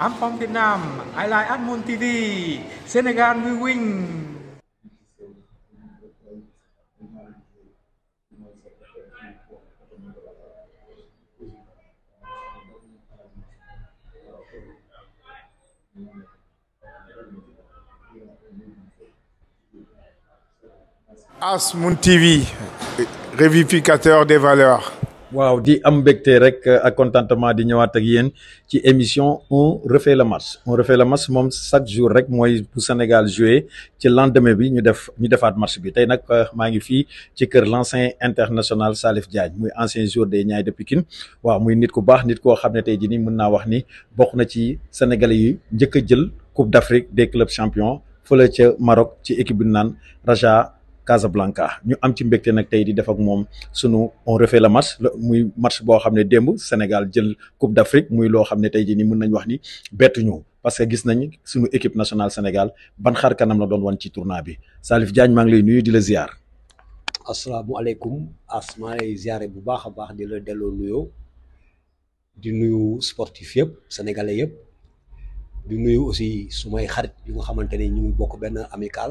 I'm from Vietnam. I like Admon TV. Senegal we win. Asmoon TV, révificateur des valeurs waaw di am mbégte rek euh, ak contentement di ñëwaat ak yeen ci émission on refait le match on refait le match mom chaque jour rek moy pour Sénégal jouer ci lendemain bi ñu def ñu defaat match bi tay nak euh, ma ngi fi ci kër l'ancien international Salif Diagne muy ancien joueur des Niayes de Pikine waaw muy nit ku baax nit ko xamné tay tey ni mëna wax ni bokku na ci sénégalais yi njëkk jël Coupe d'Afrique des clubs champions fele ci Maroc ci équipe bi naan Raja. Casablanca ñu am ci mbégte nag tey di def ak moom sunu on refait le match muy match boo xam ne démb Sénégal jël Coupe d'Afrique muy loo xam ne tey jii ni mun nañ wax ni bettu ñu parce que gis nañ sunu équipe nationale Sénégal ban xar kanam la doon wan ci tournoi bi Salif Diagne maa ngi lay nuyu di la ziar. asalaamualeykum as maa lay ziare bu baax a baax di la delloo nuyoo di nuyu sportif yëpp sénégalais yëpp di nuyu aussi sumay xarit yu nga xamante ne ñu ngi bokk benn amical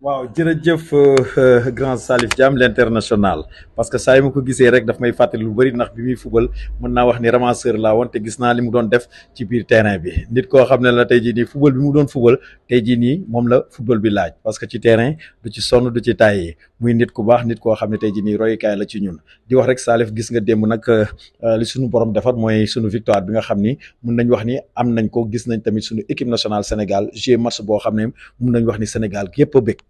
waaw jërëjëf euh, grand Salif Diam l'international parce que saa yi ma ko gisee rek daf may fàttali lu bëri ndax bi muy fubal mën naa wax ni ramasseur laa woon te gis naa li mu doon def ci biir terrain bi nit koo xam ne la tey jii nii bi mu doon fubal tey jii nii moom la fubal bi laaj parce que ci terrain du ci sonn du ci tàyyi muy nit ku baax nit koo xam ne tey jii nii royukaay la ci ñun di wax rek Salif gis nga démb nag euh, li suñu borom defar mooy suñu victoire bi nga xam ni mu nañ wax ni am nañ ko gis nañ tamit suñu équipe nationale Sénégal joué match boo xam ne mun nañ wax ni Sénégal yëpp a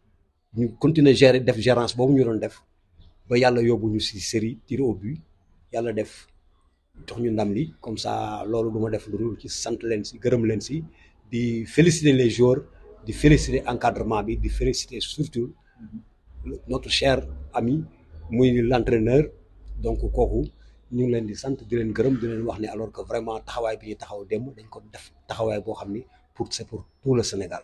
ñu continuer gérer def gérance boobu ñu doon def ba yàlla yóbbu ñu si série tir au but yàlla def jox ñu ndam li comme ça loolu du ma def lu ci sant leen si gërëm leen si di féliciter les joueurs di féliciter encadrement bi di féliciter surtout notre cher ami muy l'entraîneur donc kooku ñu ngi leen di sant di leen gërëm di leen wax ne alors que vraiment taxawaay bi ñu taxaw démb dañ ko def taxawaay boo xam ni pour c'est pour tout le Sénégal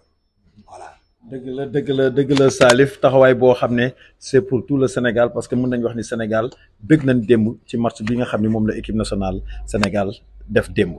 voilà dëgg la dëgg la la Salif taxaway bo xamne c'est pour tout le Sénégal parce que mën nañ wax ni Sénégal bëgg nañ dem ci match bi nga xamne mom la équipe nationale Sénégal def dem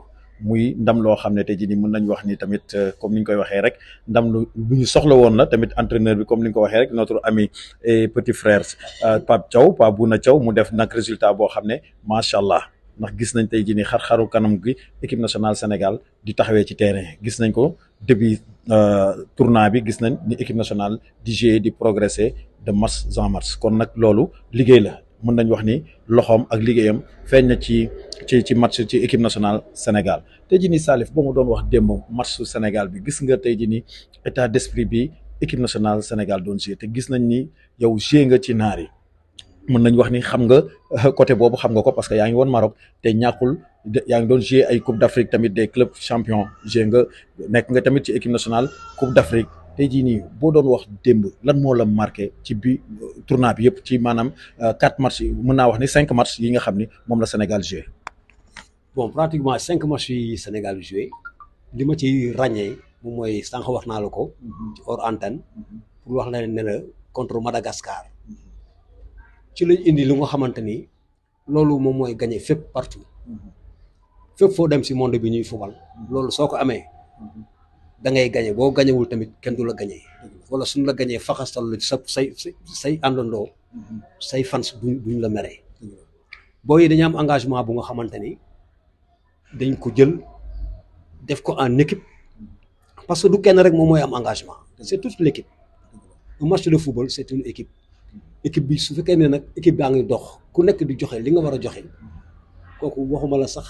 muy ndam lo xamne tay tey mën nañ wax ni tamit euh, comme ni ñu koy waxee rek ndam lu buñu soxla won la tamit entraîneur bi comme ni ñu ko waxee rek notre ami et petit frère euh, pap chaw pap buna chaw mu def nak résultat bo xamne machallah ndax gis nañ tey jii ni xar-xaru kanam gi équipe nationale Sénégal di taxawee ci terrain gis nañ ko début euh, tournoi bi gis nañ ni équipe nationale di jouer di progressé de mars en mars kon nag loolu liggéey la mën nañ wax ni loxoom ak liggéeyam feeñ na ci ci ci match ci équipe nationale Sénégal tey ji ni Salif boo mu doon wax démb matchu Sénégal bi gis nga tey jii nii état d'esprit bi équipe nationale Sénégal don jouer te gis nañ ni yow jouer nga ci naar yi mën nañ wax ni xam nga euh, côté boobu xam nga ko parce que yaa ngi woon Maroc te ñàkkul yaa ngi doon jouer ay Coupe d'Afrique tamit des clubs champions jouer nga nekk nga tamit ci équipe nationale Coupe d'Afrique tey jii nii boo doon wax démb lan moo la marqué ci bi euh, tournoi bi yëpp ci maanaam euh, quatre matchs yi mën naa wax ni cinq matchs yi nga xam ni moom la Sénégal joué. bon pratiquement cinq matchs yi Sénégal joué li ma ci ràññee moom mooy sànq wax naa la ko. Mm-hmm. ci antenne. Mm-hmm. pour wax la ne la contre Madagascar. ci lañ indi lu nga xamanteni lolu mom moy gagné fep partout fep fo dem ci monde bi ñuy fubal lolu soko amé da ngay gagné gagné wul tamit kenn du la gagné wala suñ la gagné faxastal lu say say àndandoo say fans buñ duñ la meree booy dañ am engagement bu nga xamanteni dañ ko jël def ko en équipe parce que du kenn rek mom moy am engagement c'est toute l'équipe un match de football c'est une équipe équipe bi su fekkee ne nag équipe baa ngi dox ku nekk di joxe li nga war a joxe kooku waxuma la sax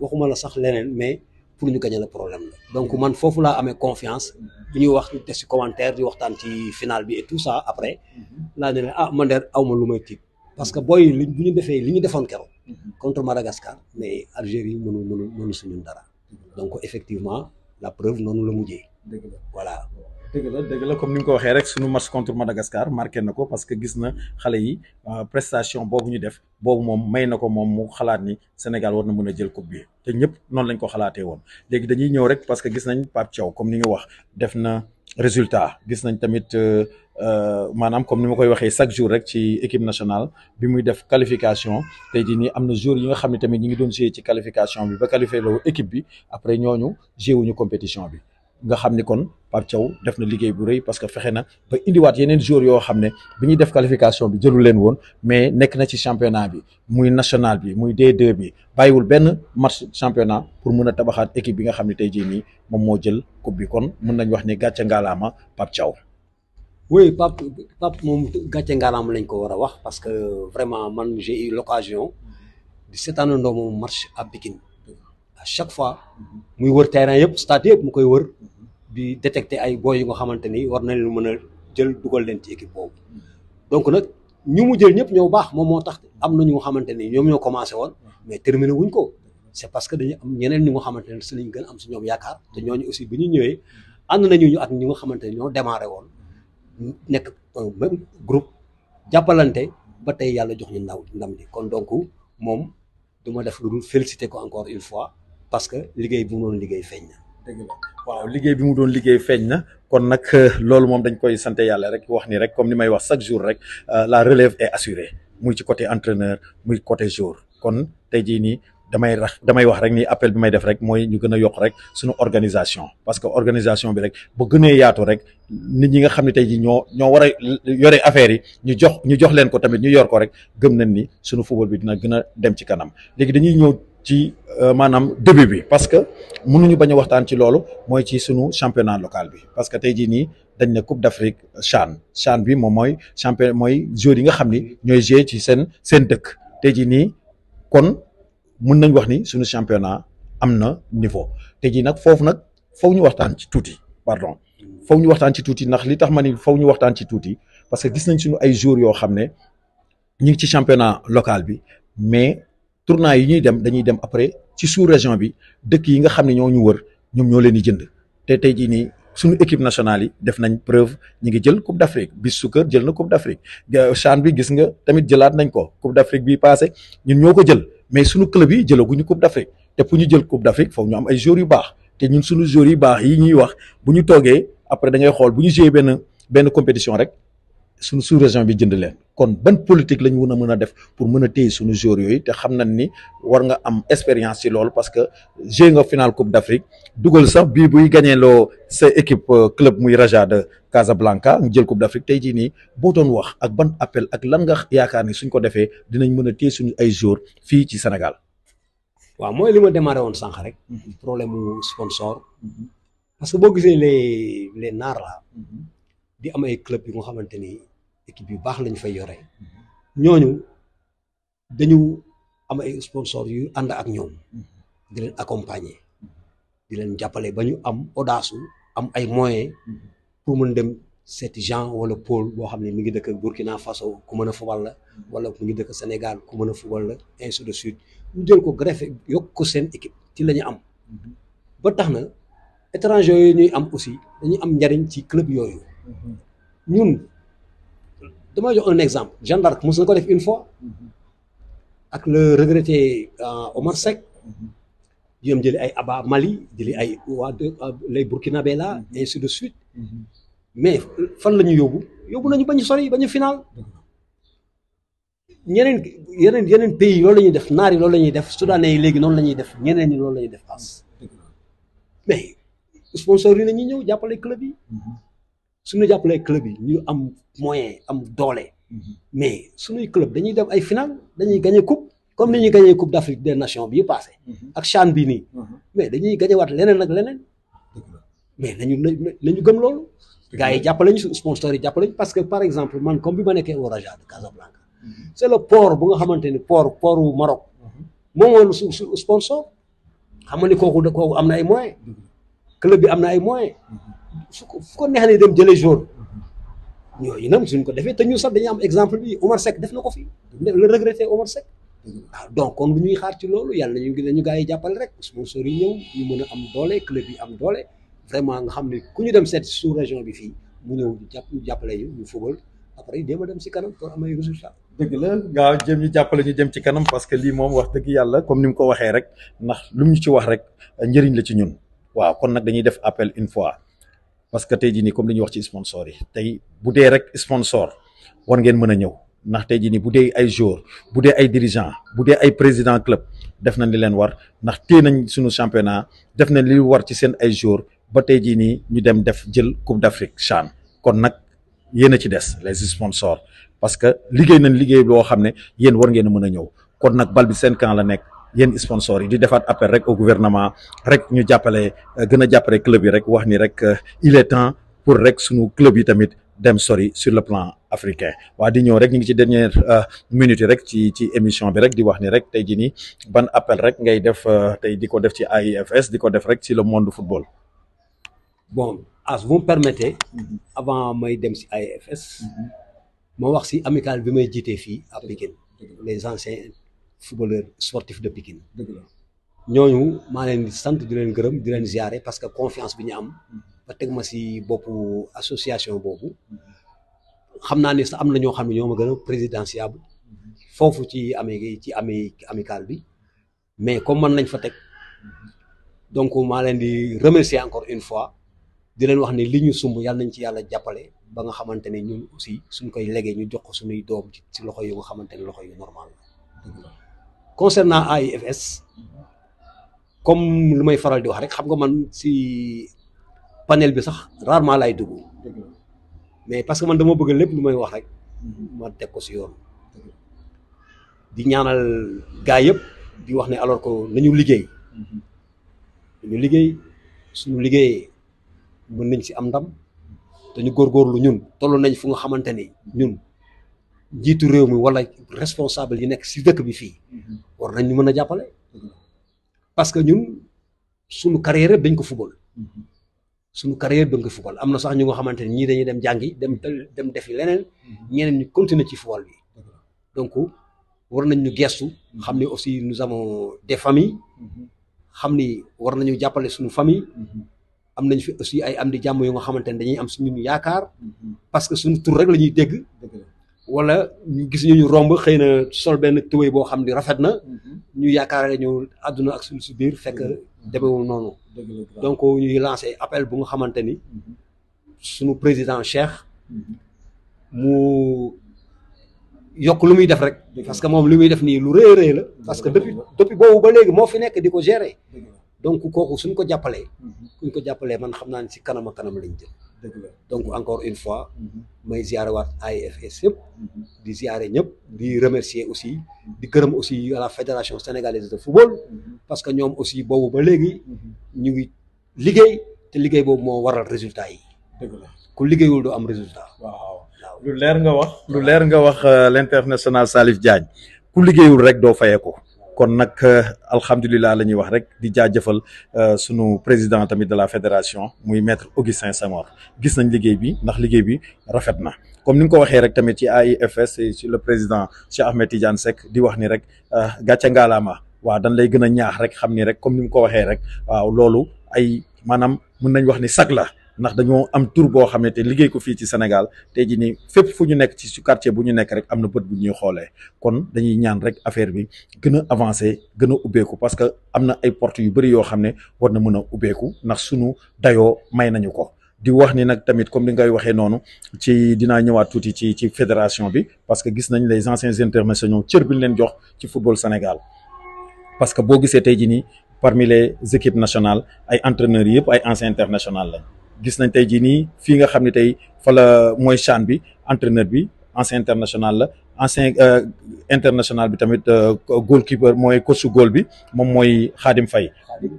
waxuma la sax leneen mais pour ñu gagner le problème la. donc man foofu laa amee confiance bi ñuy wax des si commentaire di waxtaan ci final bi et tout ça après mhm. laa ne ah man de aw ma lu may tiit parce que booy li bu ñu defee li ñu defoon keroog mhm. contre Madagascar mais Algérie mënu mënu mënu suñu dara mhm. donc effectivement la preuve noonu la mujjee. voilà dëgg la dëgg la comme ni nga ko waxee rek suñu match contre Madagascar marqué na ko parce que gis na xale yi euh, prestation boobu ñu def boobu moom may na ko moom mu xalaat ni Sénégal war na mën a jël coupe bi te ñëpp noonu lañ ko xalaatee woon léegi dañuy ñëw rek parce que gis nañ Pape Thiaw comme ni nga wax def na résultat gis nañ tamit euh, euh, maanaam comme ni ma koy waxee chaque jour rek ci équipe nationale bi muy def qualification tey jii nii am na jour yi nga xam ne tamit ñi ngi doon jouer ci qualification bi ba qualifié loo équipe bi après ñooñu joué wuñu compétition bi nga xam ni kon Pape Thiaw def na liggéey bu rëy parce que fexe na ba indiwaat yeneen joueurs yoo xam ne bi ñuy def qualification bi jëlu leen woon mais nekk na ci championnat bi muy national bi muy D2 bi bàyyiwul benn match championnat pour mën a tabaxaat équipe bi nga xam ne tey jii nii moom moo jël coupe bi kon mën nañu wax ni gàcce ngalaama Pape Thiaw. oui Pape Pape moom gàcce ngalaama lañ ko war a wax parce que vraiment man j'ai eu l'occasion di seetaanandoo moom match à Pikine chaque fois muy wër terrain yëpp stade yëpp mu koy wër di détecter ay boy yu nga xamante ni war na leen mën a jël dugal leen ci équipe boobu donc nag ñu mu jël ñëpp ñoo baax moom moo tax am na ñu nga xamante ñoom ñoo commencé woon mais terminé wuñ ko c'est parce que dañu ñeneen ñu nga xamante ne si lañ gën am si ñoom yaakaar te ñooñu aussi bi ñu ñëwee ànd nañu ñu ak ñi nga xamante ne ñoo démarré woon nekk même groupe jàppalante ba tey yàlla jox ñu ndaw ndam li kon donc moom duma def lu dul féliciter ko encore une fois parce que liggéey bi mu doon liggéey feeñ na. dëgg waaw liggéey bi mu doon liggéey feeñ kon nak loolu mom dañ koy sant yalla rek wax ni rek comme ni may wax chaque jour rek euh, la relève est assurée muy ci côté entraîneur muy côté jour kon tey jii nii. damay rax damay wax rek ni appel bi may def rek moy ñu gëna yok rek suñu organisation parce que organisation bi rek bu gënee yaatu rek nit ñi nga xamni ne tey ño ñoo ñoo war affaire yi ñu jox ñu jox leen ko tamit ñu yor ko rek gëm nañ ni suñu football bi dina gëna dem ci kanam légui dañuy ñëw. ci euh, maanaam début bi parce que mun mënuñu bañ a waxtaan ci loolu mooy ci sunu championnat local bi parce que tey jii nii dañ ne Coupe d'Afrique CHAN CHAN bi moom mooy champion mooy joueurs yi nga xam ni ñooy jouer ci seen seen dëkk tey jii nii kon mën nañ wax ni sunu championnat am na niveau tey jii nag foofu nag faw ñu waxtaan ci tuuti pardon faw ñu waxtaan ci tuuti ndax li tax ma ni faw ñu waxtaan ci tuuti parce que gis nañ sunu ay joueurs yoo xam ne ñu ngi ci championnat local bi tournant yi ñuy dem dañuy dem après ci sous région bi dëkk yi nga xam ne ñoo ñu wër ñoom ñoo leen di jënd te tey jii nii suñu équipe nationale yi def nañ preuve ñi ngi jël coupe d' afrique bis sukkër jël na coupe d' afrique bi gis nga tamit jëlaat nañ ko coupe d' afrique bi passé ñun ñoo ko jël mais suñu club yi jëlaguñu coupe d' te pour ñu jël coupe d' afrique foofu ñu am ay joueurs yu baax te ñun suñu joueurs yu baax yi ñuy wax bu ñu toogee après da xool bu ñu joué benn benn compétition rek suñu sous région bi jënd leen kon ban politique lañ mun a mën a def pour mën a téye suñu joueurs yooyu te xam nañ ni war nga am expérience ci loolu parce que joué nga final coupe d'Afrique dugal sax bi buy gagné loo sa équipe euh, club muy Raja de Casablanca jël coupe d'Afrique tey jii nii boo doon wax ak ban appel ak lan nga yaakaar ni suñ ko defee dinañ mën a téye suñu ay joueurs fii ci Sénégal. waaw mooy li ma démarré woon sànq rek. Mhm. problème mu sponsor. parce que boo gisee les les naar la. Mhm. di am xamante ni. équipe yu baax lañu fay yore ñooñu dañu am ay sponsors yu ànd ak ñoom di leen accompagner di leen jàppale ba ñu am audace am ay moyens pour mën dem seeti Jean wala pol boo xam ne mi ngi dëkk Burkina Faso ku mën a fubal la wala mu ngi dëkk Sénégal ku mën a fubal la ainsi de ñu jël ko greffé yokk seen équipe ci la ñu am ba tax na étranger yooyu ñuy am aussi dañuy am njariñ ci club yooyu ñun damay jox un exemple Jeanne d'Arc mos na ko def une fois ak le regretté euh, Omar Seck ñu dem jëli ay Aba Mali jëli ay wa waa euh, lay Burkinabé la et ainsi de suite mais fan lañu ñu yóbbu nañu bañu ñu sori ba final ñeneen yeneen yeneen pays loolu lañuy def naar yi loolu la def soudanais yi léegi noonu la def ñeneen ñi loolu la def as mais sponsor yi nañu ñuy ñëw jàppale club yi suñu jàppalee club yi ñu am moyen am doole mhm. mais suñuy club dañuy dem ay final dañuy gagné coupe comme ni ñuy gagné coupe d' Afrique des nations bii passé mhm. ak CHAN bii nii mhm. mais dañuy gagné waat leneen ak leneen mais nañu nañu gëm loolu gars yi jàppale ñu sponsors yi jàppale ñu parce que par exemple man comme bi ma nekkee au Raja de Casablanca c' est port bu nga xamante ni port portu Maroc moom woon su sponsor xam nga ni kooku kooku am na ay moyens club bi am na ay moyens fu ko fu ko neexalee dem jëlee jour ñooñu nag suñ ko defee te ñu sax dañu am exemple bi Omar Seck def na ko fi le regretté Omar Seck waaw donc kon lu xaar ci loolu yàlla nañu nañu gars yi jàppale rek sponsor yi ñëw ñu mën a am doole club am doole vraiment xam ne ku ñu dem seet sous région bi fii mu ñëw jàpp jàppale ñu ñu fubal après déma dem si kanam pour am ay résultat dëgg la gaaw jëm ñu jàppale ñu jëm ci kanam parce que lii moom wax dëgg yàlla comme ni mu ko waxee rek ndax lu mu ñu ci wax rek njëriñ la ci ñun waaw kon nag dañuy def appel une fois parce que tey jii nii comme li ñu wax ci sponsor yi tey bu dee rek sponsor war ngeen mën a ñëw ndax tey jii nii bu dee ay joueurs bu dee ay dirigeants bu dee ay président club def nañ li leen war ndax téye nañ suñu championnat def nañ li war ci seen ay joueurs ba tey jii nii ñu dem def jël coupe d'Afrique CHAN kon nag yéen a ci des les sponsors parce que liggéey nañ liggéey boo xam ne yéen war ngeen mën a ñëw kon nag bal bi seen camp la nekk. yen sponsor yi di defat appel rek au gouvernement rek ñu jàppale euh, gëna a jàppale club yi rek wax ni rek euh, il est temps pour rek suñu club yi tamit dem sori sur le plan africain wa di ñëw rek ñi ci dernière euh, minute rek ci ci émission bi rek di wax ni rek tay jii nii ban appel rek ngay def tey di ko def ci AIFS diko def rek ci le monde football. bon as vous me permettez. Mm-hmm. avant may dem ci AIFS. mo mm-hmm. wax ci amical bi may jité fi à Pikine mm-hmm. les anciens. footballeur sportif de Pikine ñooñu maa leen di sant di leen gërëm di leen ziare parce que confiance bi ñu am ba teg ma si boppu association boobu xam naa ne sax am na ñoo xam ne ñoo ma gën a présidentiable foofu ci amee ci amee amical bi mais comme man lañ fa teg donc maa leen di remercier encore une fois di leen wax ne li ñu sumb yàlla nañ ci yàlla jàppale ba nga xamante ne ñun aussi suñ koy legee ñu jox ko suñuy doom ci loxo yu nga xamante ne loxo yu normal la concernant AIFS comme lu may faral di wax rek xam nga man si panel bi sax rarement lay dugg mais parce que man dama bëgg lepp lu may wax rek ma tek ko ci yoon di ñaanal gaay yëpp di wax ne alors que nañu liggéey ñu liggéey suñu liggéey mën nañ si am ndam dañu lu ñun tollu nañ fu nga xamanteni ñun jitu rew mi wala responsable yi nek ci dekk bi fi mhm. war nañ ñu mën parce que ñun suñu carrière yëpp dañ ko football mhm. suñu carrière dañ ko football amna sax ñu nga xamanteni ñi dañuy dem jàngi dem dem def leneen mhm. ñeneen ñu continuer ci football bi donc war nañ ñu gessu xamni aussi nous avons des familles xamni war nañu jappalé suñu famille am nañ fi aussi ay am di jamm yu nga xamante dañuy am suñu yaakaar parce que suñu tour rek lañuy dégg wala ñu gis ñu romb xëy na sol benn tëwéy boo xam ni rafet na mhm. ñu yaakaare ñu àdduna ak suñu si biir fekk mhm. demewul noonu donc ñuy lancé appel bu nga xamante ni mhm. suñu président Cheikh mu yokk lu muy def rek parce que moom lu muy def nii lu rëy rëy la parce que depuis depuis boobu ba léegi moo fi nekk di ko gérer donc kooku suñ ko jàppalee kuñ ko jàppalee man xam naa ni si kanam a kanam lañ jël dëgg la donc mm-hmm. encore une fois mm-hmm. may ziarewaat AIFS yëpp mm-hmm. di ziare ñëpp di remercier aussi di gërëm aussi la fédération sénégalaise de football parce que ñoom aussi boobu ba léegi ñu ngi liggéey te liggéey boobu moo waral résultat yi ku liggéeyul doo am résultat waaw lu leer nga wax lu leer nga wax euh, l'international Salif Diagne ku liggéeyul rek doo fayee ko kon nak euh, alhamdulilah lañuy wax rek di jaajëfal euh, sunu président tamit de la fédération muy maître Augustin Senghor gis nañ liguey bi nak liguey bi rafetna comme ni nga ko waxee rek tamit ci AIFS ci le président Cheikh Ahmed Tidiane Seck di wax ni rek euh, gatcha ngalama wa dañ lay gëna ñaax rek xamni rek comme ni mu ko waxee rek waaw lolu ay manam mën nañ wax ni sak la ndax dañoo am tour boo xam ne te liggéey ko fii ci Sénégal tey jii nii fépp fu ñu nekk ci su quartier bu ñu nekk rek am na bët bu ñuy xoolee kon dañuy ñaan rek affaire bi gën a avancé gën a ubbeeku parce que am na ay porte yu bëri yoo xam ne war na mën a ubbeeku ndax sunu dayoo may nañu ko. di wax ni nag tamit comme ni ngay waxee noonu ci dinaa ñëwaat tuuti ci ci fédération bi parce que gis nañ les anciens internationaux cër bi ñu leen jox ci football Sénégal parce que boo gisee tey jii nii parmi les équipes nationales ay entraîneurs yëpp ay anciens internationaux lañ gis nañ tey jii nga xam tay fa la moy CHAN bi entraîneur bi ancien international la ancien euh, international bi tamit euh, goalkeeper moy coach goal bi mom moy Khadim fay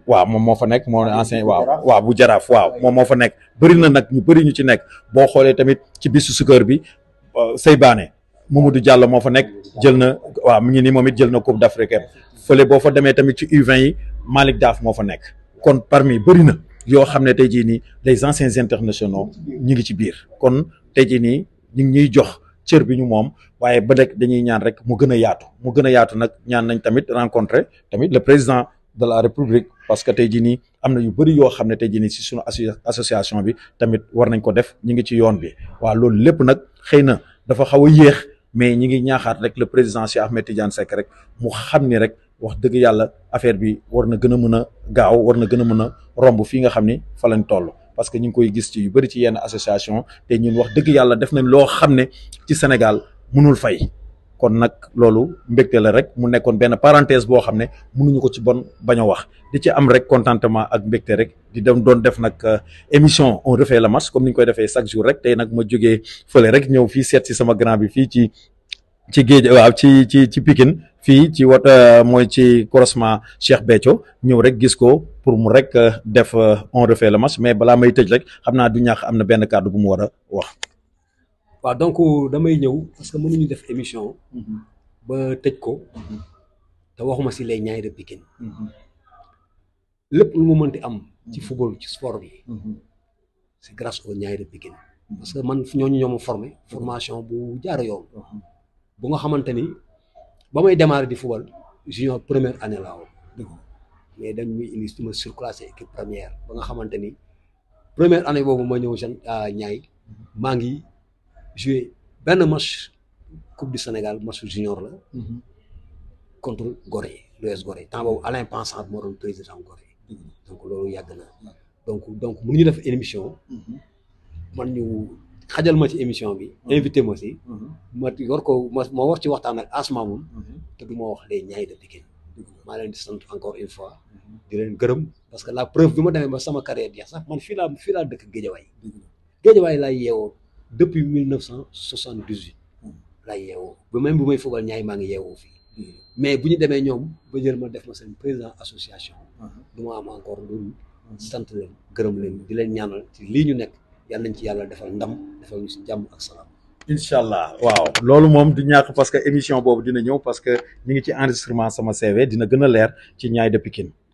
waaw mom moo fa nekk ancien waaw waaw bu jaraaf waaw mom moo fa nekk bëri na nak ñu bari ñu ci nek bo xolé tamit ci bisu sukër bi euh, Seybaane Mamadou Diallo moo fa nekk jël na waaw ngi ni momit jël na coupe d'Afrique feulé bo fa démé tamit ci U20 yi malik daf moo fa kon parmi bari na Yo, xamné internationaux, les anciens internationaux ñi ngi ci biir kon les ñuy jox cër bi ñu ba dañuy rencontrer tamit le président de la république parce que yu bari association bi tamit war nañ ko def ñi ngi ci yoon bi loolu mais ñi ngi ñaaxaat le président Ahmed Tidiane rek mu wax dëgg yàlla affaire bi war na gën a mën a gaaw war na gën a mën a romb fii nga xam ni fa lañ toll parce que ñu ngi koy gis ci yu bëri ci yenn association te ñun wax dëgg yàlla def nañ loo xam ne ci Sénégal mënul fay kon nag loolu mbégte la rek mu nekkoon benn parenthèse boo xam ne mënuñu ko ci bon bañ a wax di ci am rek contentement ak mbégte rek di dem doon def nag euh, émission on refait la match comme ni koy defee chaque jour rek tey nag ma jógee fële rek ñëw fii seet si sama grand bi fii ci ci géej waaw ci ci ci Pikine fii ci wat euh, mooy ci croisement Cheikh Béthio ñëw rek gis ko pour mu rek euh, def euh, on refait le match mais balaa may tëj rek xam naa du ñaax am na benn kàddu bu mu war a wax. waa donc damay ñëw parce que mënuñu def émission. Mhm. ba tëj ko. Mhm. te waxuma si les ñaay de Pikine. Mhm. lépp lu mu am. ci football ci sport bi. c'est grâce aux Niayes de Pikine. parce que man ñooñu ñoo ma formation bu jaar yoon. bu nga xamante ni ba may démarrer di football junior première année la woon mais dañ muy indi su ma surclassé équipe première ba nga xamante ni première année boobu ma ñëw jeune ñaay maa ngi joué benn match coupe du Sénégal match junior la. Mhm. contre Gorée l'US Gorée temps boobu Alain moo doon président Gorée. donc loolu yàgg na donc donc mënuñu def émission. Mhm. man ñu. xajal ma ci émission bi. Mhm. invité ma si. Mhm. ma war ko ma ma ci waxtan ak Asma moom. Mhm. te duma wax les Niayes de Pikine. ma len di sante encore une fois. di len gërem parce que la preuve bi ma ba sama carrière jeex sax man fi la fi la dëkk Géejawaay. Géejawaay la yéwo depuis 1978 la yéwo bu même bu may fogal ñaay maa ngi yéwo fi mais buñu démé ñom ba jël ma def ma sen président association. duma am encore lu sante len gërem len di len ñaanal ci lii ñu nekk. yàlla nañ ci yàlla defal ndam defal ñu si jàmm ak salaam. incha allah waaw loolu moom du ñàkk parce que émission boobu dina ñëw parce que mi ngi ci enregistrement sama CV dina gën leer ci Niaye de kin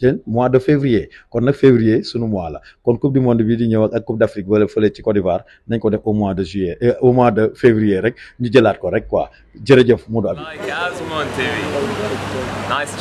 ci mois de février kon nag février sunu mois la kon coupe du monde bi di ñëw ak coupe d'Afrique wala fële ci Côte d'Ivoire nañ ko def au mois de juillet euh, au mois de février rek ñu jëlaat ko rek quoi jërëjëf Modou Habib. Nice